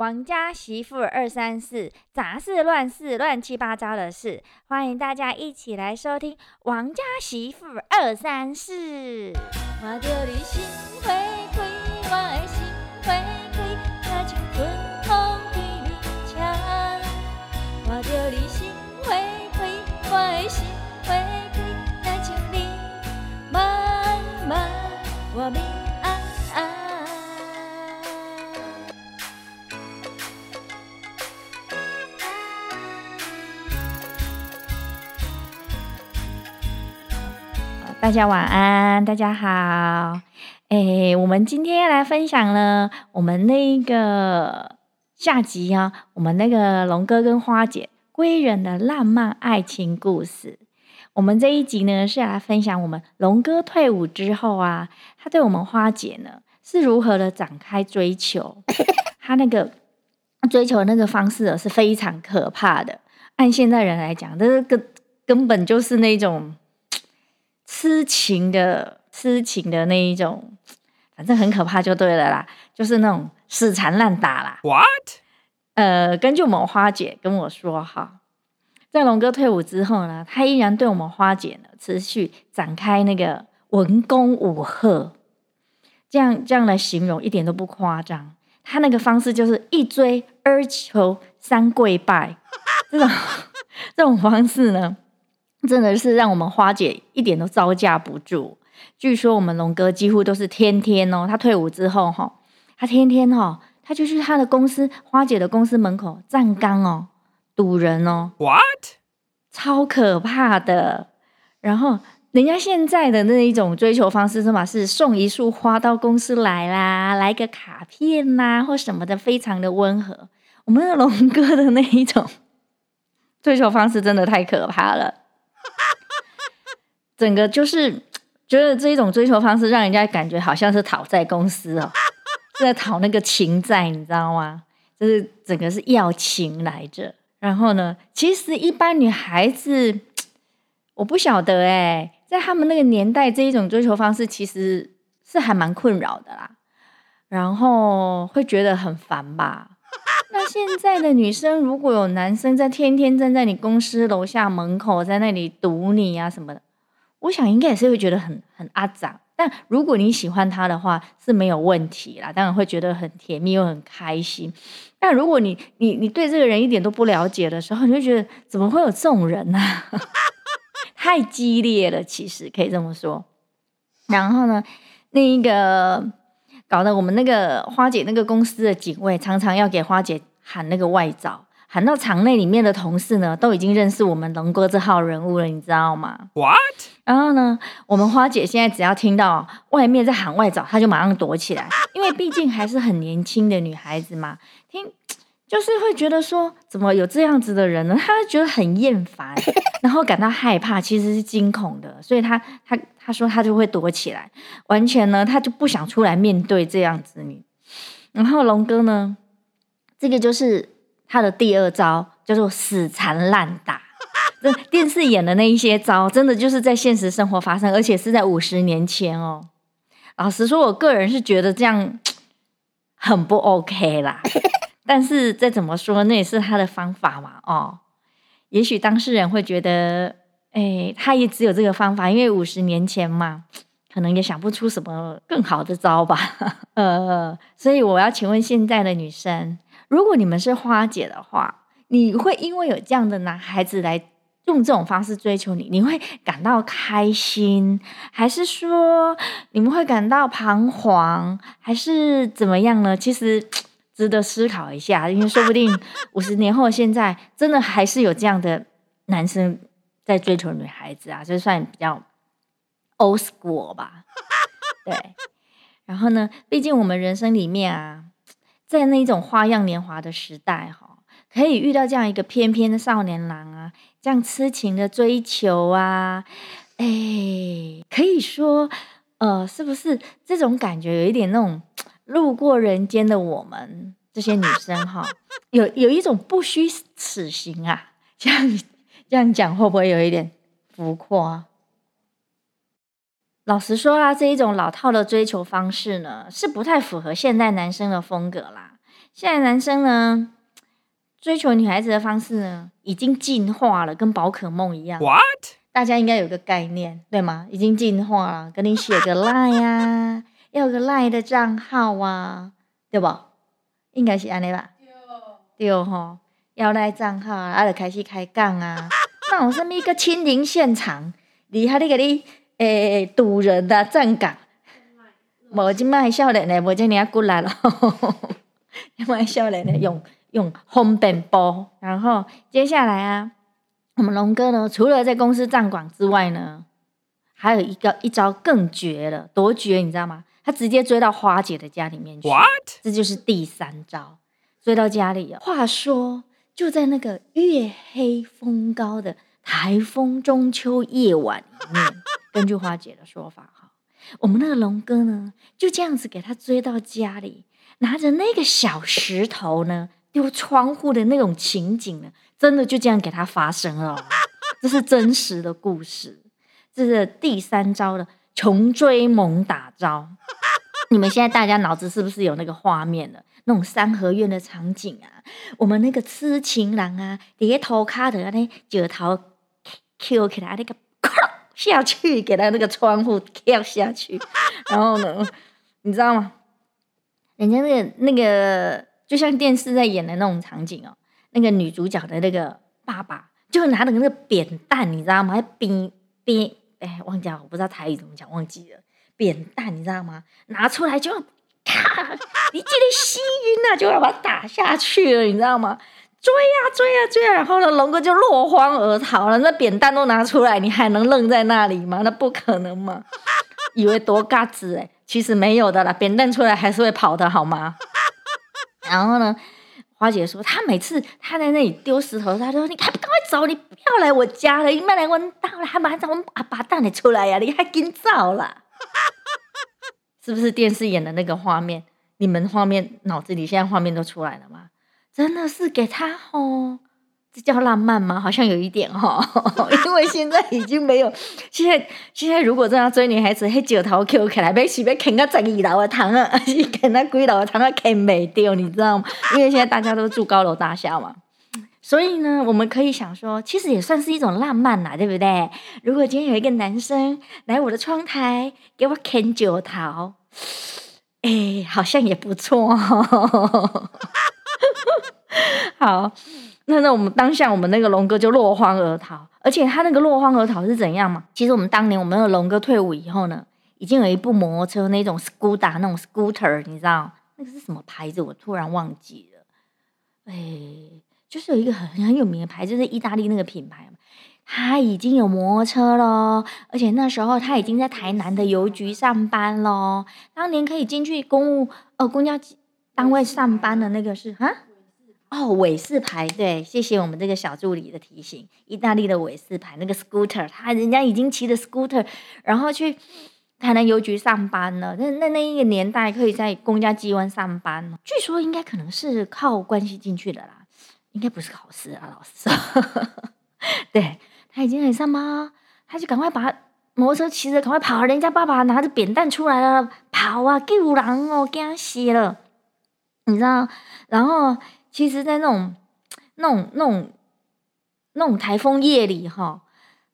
《王家媳婦二三四》，雜事亂事，亂七八糟的事，歡迎大家一起來收聽《王家媳婦二三四》。大家晚安，大家好。哎、欸，我們今天要來分享了我們那個下集啊，我們那個龍哥跟花姐歸仁的浪漫愛情故事。我們這一集呢，是要來分享我們龍哥退伍之後啊，他對我們花姐呢是如何的展開追求。他那個追求的那個方式是非常可怕的。按現在人來講，這是根根本就是那種。痴情的痴情的那一種，反正很可怕就對了啦，就是那種死纏爛打啦。What？呃，根據我們花姐跟我說哈，在龍哥退伍之後呢，他依然對我們花姐呢持續展開那個文攻武嚇，這樣這樣來形容一點都不誇張。他那個方式就是一追二求三跪拜，這種這種方式呢。真的是讓我們花姐一點都招架不住。據說我們龍哥幾乎都是天天哦、喔，他退伍之後哈、喔，他天天哦、喔，他就去他的公司，花姐的公司門口站崗哦、喔，堵人哦、喔。What？超可怕的。然後人家現在的那一種追求方式是，是嘛是送一束花到公司來啦，來個卡片吶、啊、或什麼的，非常的溫和。我們龍哥的那一種追求方式真的太可怕了。整個就是覺得這一種追求方式，讓人家感覺好像是討債公司哦，在討那個情債，你知道嗎？就是整個是要情來着。然後呢，其實一般女孩子，我不曉得哎，在他們那個年代，這一種追求方式其實是還蠻困擾的啦，然後會覺得很煩吧。那現在的女生，如果有男生在天天站在你公司樓下門口，在那裡堵你呀、啊、什麼的。我想應該也是會覺得很很阿雜，但如果你喜歡他的話是沒有問題啦，當然會覺得很甜蜜又很開心。但如果你你你對這個人一點都不了解的時候，你就會覺得怎麼會有這種人呢、啊？ 太激烈了，其實可以這麼說。然後呢，那一個搞得我們那個花姐那個公司的警衛常常要給花姐喊那個外罩，喊到場內裡面的同事呢，都已經認識我們龍哥這號人物了，你知道嗎？What？然後呢，我們花姐現在只要聽到外面在喊外找，她就馬上躲起來，因為畢竟還是很年輕的女孩子嘛，聽就是會覺得說，怎麼有這樣子的人呢？她覺得很厭煩，然後感到害怕，其實是驚恐的，所以她她她說她就會躲起來，完全呢，她就不想出來面對這樣子女。然後龍哥呢，這個就是。他的第二招叫做死纏爛打，這電視演的那一些招，真的就是在現實生活發生，而且是在五十年前哦。老實說，我個人是覺得這樣很不 OK 啦。但是再怎麼說，那也是他的方法嘛。哦，也許當事人會覺得，哎，他也只有這個方法，因為五十年前嘛，可能也想不出什麼更好的招吧。呵呵呃，所以我要請問現在的女生。如果你們是花姐的話，你會因為有這樣的男孩子來用這種方式追求你，你會感到開心，還是說你們會感到彷徨，還是怎麼樣呢？其實值得思考一下，因為說不定五十年後，現在真的還是有這樣的男生在追求女孩子啊，就算比較 old school 吧。對，然後呢，畢竟我們人生裡面啊。在那一種花樣年華的時代，哈，可以遇到這樣一個翩翩的少年郎啊，這樣痴情的追求啊，哎、欸，可以說，呃，是不是這種感覺有一點那種路過人間的我們這些女生，哈，有有一種不虛此行啊，這樣這樣講會不會有一點浮誇啊？老實說啦、啊，這一種老套的追求方式呢，是不太符合現代男生的風格啦。現在男生呢，追求女孩子的方式呢，已經進化了，跟寶可夢一樣。What？大家應該有個概念，對嗎？已經進化了，給你寫個賴啊，要個賴的賬號啊，對不？應該是安尼吧對？對哦，哈、啊，要賴賬號，阿就開始開槓啊。那我身邊一個親臨現場，厲害得給你。哎、欸、堵人、啊嗯嗯、的站崗，我今賣笑人呢，我即人要過來了，賣笑人呢用用紅本包，然後接下來啊，我們龍哥呢，除了在公司站崗之外呢，還有一個一招更絕了，多絕你知道嗎？他直接追到花姐的家裡面去，What? 這就是第三招，追到家裡了。話說就在那個月黑風高的台風中秋夜晚裡面。 根據花姐的說法哈，我們那個龍哥呢，就這樣子給他追到家裡，拿着那個小石頭呢，丟窗戶的那種情景呢，真的就這樣給他發生了喔。這是真實的故事，這是第三招的窮追猛打招。你們現在大家腦子是不是有那個畫面了？那種三合院的場景啊，我們那個癡情郎啊，佇個卡頭那尼，腳頭翹起來那個。下去給他那個窗戶跳下去，然後呢，你知道嗎？人家那個那個就像電視在演的那種場景哦、喔，那個女主角的那個爸爸就拿着那個扁擔，你知道嗎？還扁扁哎、欸，忘記了，我不知道台語怎麼講，忘記了。扁擔，你知道嗎？拿出來就要咔，一記吸暈了，就要把它打下去了，你知道嗎？追呀、啊、追呀、啊、追、啊，然後呢，龍哥就落荒而逃了。那扁擔都拿出來，你還能愣在那裡嗎？那不可能嘛！以為多嘎子哎，其實沒有的啦。扁擔出來還是會跑的，好嗎？然後呢，花姐說，她每次她在那裡丟石頭，她就說：“你還不趕快走，你不要來我家了，你不要來我了，還把我們阿爸蛋你出來呀、啊？你還驚找了？是不是電視演的那個畫面？你們畫面腦子裡現在畫面都出來了嗎？”真的是給他吼，這叫浪漫嗎？好像有一點吼，因為現在已經沒有。現在現在如果這樣追女孩子，嘿，石頭敲起來，必須得啃個十二樓的糖啊，啃到幾樓的糖都啃沒掉，你知道嗎？因為現在大家都住高樓大廈嘛。所以呢，我們可以想說，其實也算是一種浪漫啦，對不對？如果今天有一個男生來我的窗台，給我啃酒桃，哎、欸，好像也不錯吼。 好，那那我們當下我們那個龍哥就落荒而逃，而且他那個落荒而逃是怎樣嘛？其實我們當年我們的龍哥退伍以後呢，已經有一部摩托車，那種 Scooter 那種 Scooter，你知道那個是什麼牌子？我突然忘記了，誒、哎，就是有一個很很有名的牌，就是意大利那個品牌嘛。他已經有摩托車嘍，而且那時候他已經在台南的郵局上班嘍。當年可以進去公務呃公交單位上班的那個是啊。哈哦，偉士牌，對，謝謝我們這個小助理的提醒。意大利的偉士牌那個 scooter，他人家已經騎着 scooter，然後去台南郵局上班了。那那那一個年代，可以在公家機關上班，據說應該可能是靠關係進去的啦，應該不是考試啊，老師。 對，他已經很上班，他就趕快把摩托車騎着趕快跑，人家爸爸拿着扁擔出來了，跑啊救人哦，驚死了。你知道，然後。其實，在那種、那種、那種、那種台風夜裡哈，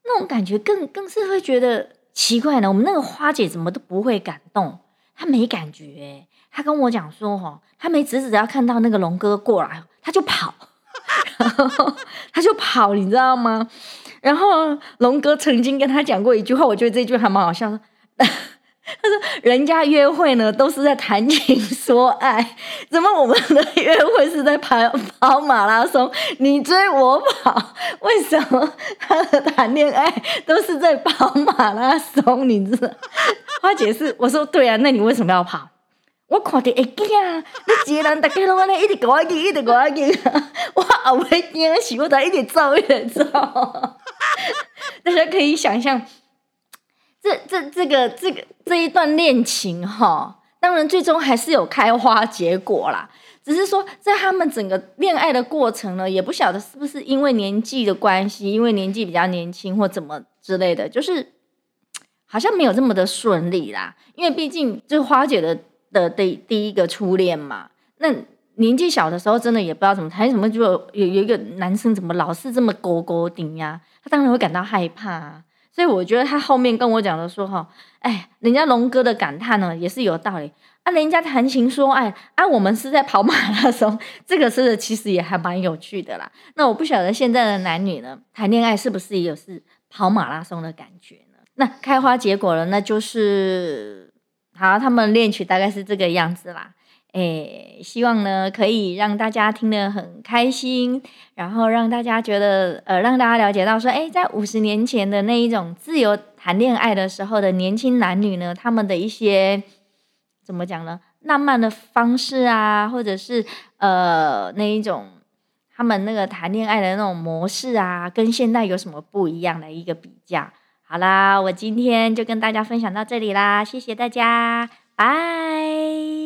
那種感覺更更是會覺得奇怪呢。我們那個花姐怎麼都不會感動，她沒感覺。她跟我講說哈，她沒指指要看到那個龍哥過來，她就跑， 她就跑，你知道嗎？然後龍哥曾經跟她講過一句話，我覺得這句還蠻好笑的。他說：“人家約會呢，都是在談情說愛，怎麼我們的約會是在跑跑馬拉松？你追我跑，為什麼？他的談戀愛都是在跑馬拉松？你知道？”他解釋：“我說對啊，那你為什麼要跑？”我看著會驚，那個人大家攏安尼一直跟我去，一直跟我去，我後尾驚死，我才一直走，一直走。 大家可以想象。這這這個這個這一段戀情哈，當然最終還是有開花結果啦。只是說，在他們整個戀愛的過程呢，也不曉得是不是因為年紀的關係，因為年紀比較年輕或怎麼之類的，就是好像沒有這麼的順利啦。因為畢竟就是花姐的的第第一個初戀嘛，那年紀小的時候，真的也不知道怎麼，談什麼就有有，有一個男生怎麼老是這麼勾勾頂呀，他當然會感到害怕啊。所以我覺得他後面跟我講的時候，哎，人家龍哥的感嘆呢也是有道理啊，人家談情說愛，啊，我們是在跑馬拉松，這個是，是其實也還蠻有趣的啦。那我不曉得現在的男女呢談戀愛是不是也有是跑馬拉松的感覺呢？那開花結果了，那就是好，他們戀曲大概是這個樣子啦。誒，希望呢可以讓大家聽得很開心，然後讓大家覺得，呃，讓大家了解到說，誒，在五十年前的那一種自由談戀愛的時候的年輕男女呢，他們的一些怎麼講呢？浪漫的方式啊，或者是呃那一種他們那個談戀愛的那種模式啊，跟現在有什麼不一樣的一個比較？好啦，我今天就跟大家分享到這裡啦，謝謝大家，拜、拜。